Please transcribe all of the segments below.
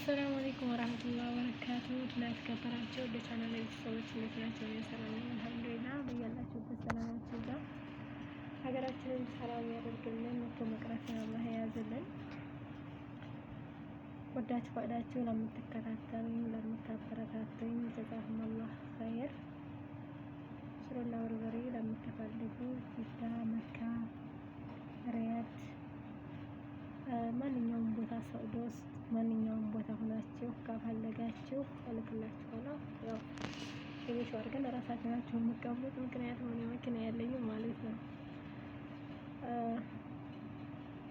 አሰላሙ አለይኩም ወራህመቱላሂ ወበረካቱ። እና የተከበራችሁ ለቻናል ቤተሰቦች እንዴት ናቸው? ሰላም ነው አልሐምዱሊላህ። በያላችሁበት ሰላማችሁ ይብዛ። ሀገራችንን ሰላም ያደርግልን። ሞቶ መቅረትን አላህ የያዝልን። ወዳችሁ ፈቅዳችሁ ለምትከታተሉኝ፣ ለምታበረታቱኝ ጀዛኩም አላህ ኸይር። ሽሮና በርበሬ ለምትፈልጉ ጅዳ፣ መካ፣ ሪያድ ማንኛውም ቦታ ሳውዲ ማንኛውም ቦታ ሆናችሁ ከፈለጋችሁ እልክላችኋለሁ። ያው ትንሽ አድርገን ራሳችሁ ናችሁ የምትቀቡት፣ ምክንያቱም እኔ መኪና ያለኝ ማለት ነው።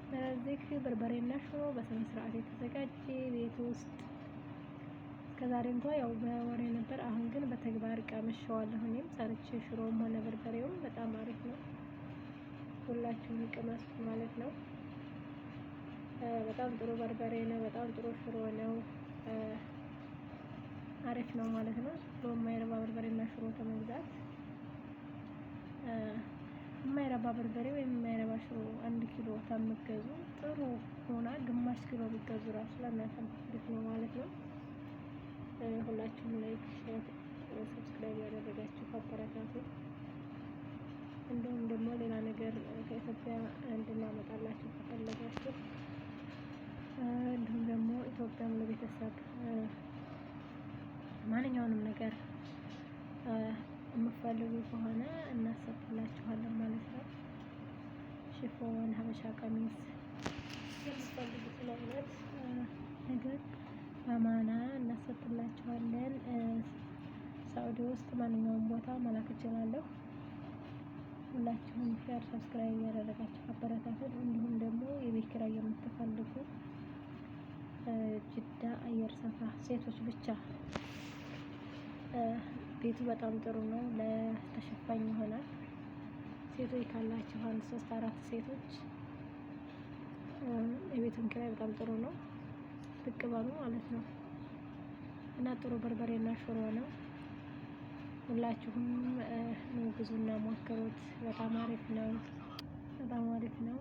ስለዚህ በርበሬና ሽሮ በስነ ስርዓት የተዘጋጀ ቤት ውስጥ ከዛሬ እንኳ ያው በወሬ ነበር፣ አሁን ግን በተግባር ቀምሼዋለሁ። እኔም ሰርቼ ሽሮም ሆነ በርበሬውም በጣም አሪፍ ነው። ሁላችሁም ቅመሱት ማለት ነው። በጣም ጥሩ በርበሬ ነው። በጣም ጥሩ ሽሮ ነው። አሪፍ ነው ማለት ነው። የማይረባ በርበሬ እና ሽሮ ተመግዛት የማይረባ በርበሬ ወይም የማይረባ ሽሮ አንድ ኪሎ ከምትገዙ ጥሩ ሆና ግማሽ ኪሎ ቢገዙ ራሱ ለእናንተ ምትልት ነው ማለት ነው። ሁላችሁም ላይክ፣ ሼር፣ ሰብስክራይብ ያደረጋችሁ አበረታቱ። እንዲሁም ደግሞ ሌላ ነገር ከኢትዮጵያ እንድናመጣላችሁ ከፈለጋችሁ እንዲሁም ደግሞ ኢትዮጵያም ለቤተሰብ ማንኛውንም ነገር የምትፈልጉ ከሆነ እናሰብላችኋለን ማለት ነው። ሽፎን፣ ሀበሻ ቀሚስ የምትፈልጉት ለሁለት ነገር በአማና እናሰብላችኋለን። ሳኡዲ ውስጥ ማንኛውም ቦታ መላክ እችላለሁ። ሁላችሁም ሼር፣ ሰብስክራይብ ያደረጋችሁ አበረታቱን። እንዲሁም ደግሞ የቤት ኪራይ የምትፈልጉ ጅዳ አየር ሰፈር ሴቶች ብቻ። ቤቱ በጣም ጥሩ ነው፣ ለተሸፋኝ ይሆናል። ሴቶች ካላችሁ አንድ ሶስት አራት ሴቶች የቤቱን ኪራይ በጣም ጥሩ ነው፣ ብቅ ባሉ ማለት ነው። እና ጥሩ በርበሬና ሽሮ ነው። ሁላችሁም ነው ግዙና ሞክሩት። በጣም አሪፍ ነው፣ በጣም አሪፍ ነው።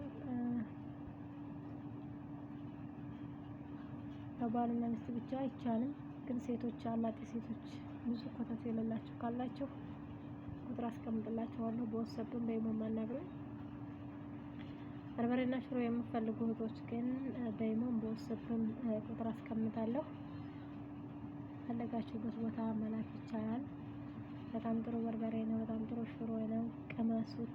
በባልና ሚስት ብቻ አይቻልም። ግን ሴቶች አላጤ ሴቶች ብዙ ኮተት የሌላቸው ካላቸው ቁጥር አስቀምጥላቸዋለሁ። በወሰብን በይሞ ማናግረኝ በርበሬና ሽሮ የምፈልጉ እህቶች ግን በይሞን በወሰብን ቁጥር አስቀምጣለሁ። ፈለጋችሁበት ቦታ መላክ ይቻላል። በጣም ጥሩ በርበሬ ነው። በጣም ጥሩ ሽሮ ነው። ቅመሱት።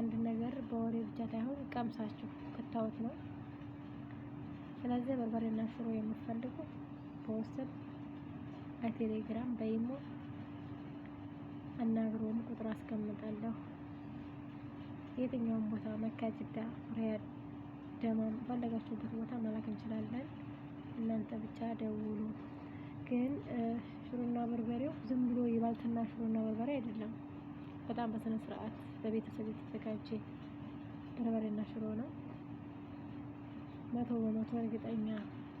አንድ ነገር በወሬ ብቻ ሳይሆን ቀምሳችሁ ክታውት ነው። ስለዚህ በርበሬና ሽሮ የምትፈልጉ በውስጥ በቴሌግራም በኢሞ አናግሮን ቁጥር አስቀምጣለሁ። የትኛውን ቦታ መካ፣ ጅዳ፣ ሪያድ፣ ደማም ባለጋችሁበት ቦታ መላክ እንችላለን። እናንተ ብቻ ደውሉ። ግን ሽሮና በርበሬው ዝም ብሎ የባልትና ሽሮና በርበሬ አይደለም። በጣም በስነ ስርዓት በቤተሰብ የተዘጋጀ በርበሬና ሽሮ ነው። መቶ በመቶ እርግጠኛ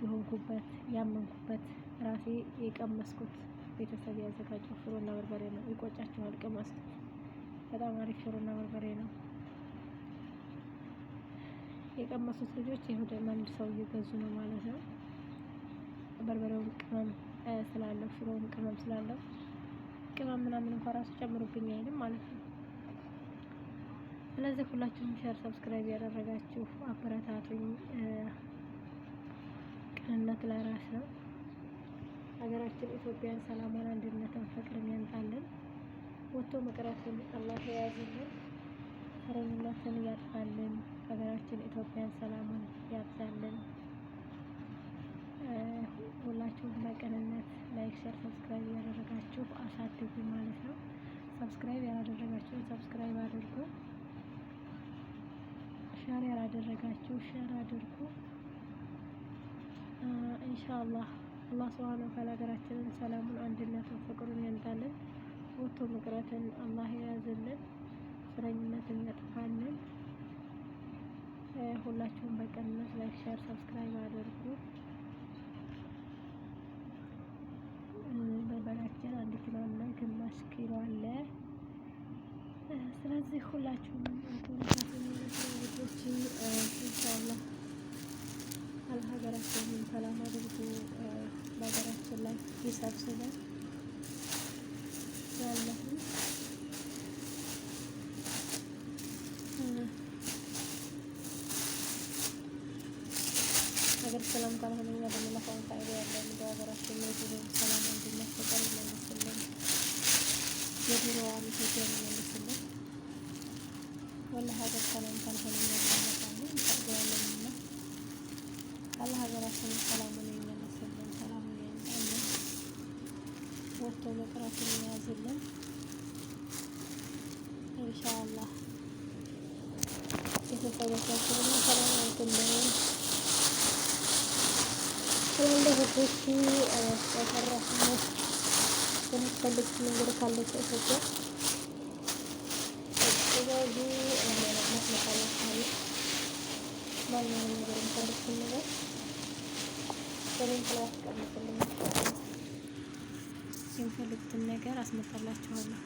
የሆንኩበት ያመንኩበት ራሴ የቀመስኩት ቤተሰብ ያዘጋጀው ፍሮና በርበሬ ነው። ይቆጫችኋል፣ ቅመስ። በጣም አሪፍ ፍሮና በርበሬ ነው። የቀመሱት ልጆች ይሁደ መንድ ሰው እየገዙ ነው ማለት ነው። በርበሬውን ቅመም ስላለው ሽሮውን ቅመም ስላለው ቅመም ምናምን እንኳ ራሱ ጨምሩብኝ አይልም ማለት ነው። ስለዚህ ሁላችሁም ሼር፣ ሰብስክራይብ ያደረጋችሁ አበረታቱኝ። ቅንነት ለራስ ነው። ሀገራችን ኢትዮጵያን ሰላሟን፣ አንድነትን፣ ፍቅርን ያምጣልን። ወጥቶ መቅረትን አላህ የያዝልን፣ ተረኝነትን ያጥፋልን። ሀገራችን ኢትዮጵያን ሰላሙን ያብዛልን። ሁላችሁም በቅንነት ላይክ፣ ሸር፣ ሰብስክራይብ ያደረጋችሁ አሳድጉ ማለት ነው። ሰብስክራይብ ያላደረጋችሁ ሰብስክራይብ ሸር ያላደረጋችሁ ሸር አድርጉ። ኢንሻአላህ አላህ ሱብሃነሁ ወተዓላ ሀገራችንን ሰላሙን፣ አንድነቱን፣ ፍቅሩን ያምጣልን። ወቶ ምቅረትን አላህ የያዝልን፣ ስረኝነትን ያጥፋልን። ሁላችሁም በቅንነት ላይክ፣ ሼር፣ ሰብስክራይብ አድርጉ። በበላችን አንድ ኪሎ አለ፣ ግማሽ ኪሎ አለ። ስለዚህ ሁላችሁም ሰላም አድርጎ በሀገራችን ላይ ይሰብስበን ያለሁ ሀገር ሰላም ካልሆነ እኛ ደግሞ ፋንታ ያለን በሀገራችን ላይ ድሮ ሰላም አንድነት ፍቅር ይመልስልን፣ የድሮ አሚቶች ይመልስልን። ወላ ሀገር ሰላም ካልሆነ እኛ ደግሞ ፋንታ ያለን አላህ ሀገራችንን ሰላሙን ይመልስልን፣ ሰላሙን ያምጣልን፣ ወጥቶ መቅረቱን የያዝልን ኢንሻአላህ። ቤተሰቦቻችንን ሰላም ያድርግልን። ስለእንደህቶቹ ተሰራሽነት የምትፈልግ ነገር ካለች ኢትዮጵያ ጥበቡ መስመታለች ማንኛውም ስንበት ነገር አስመጣላችኋለሁ።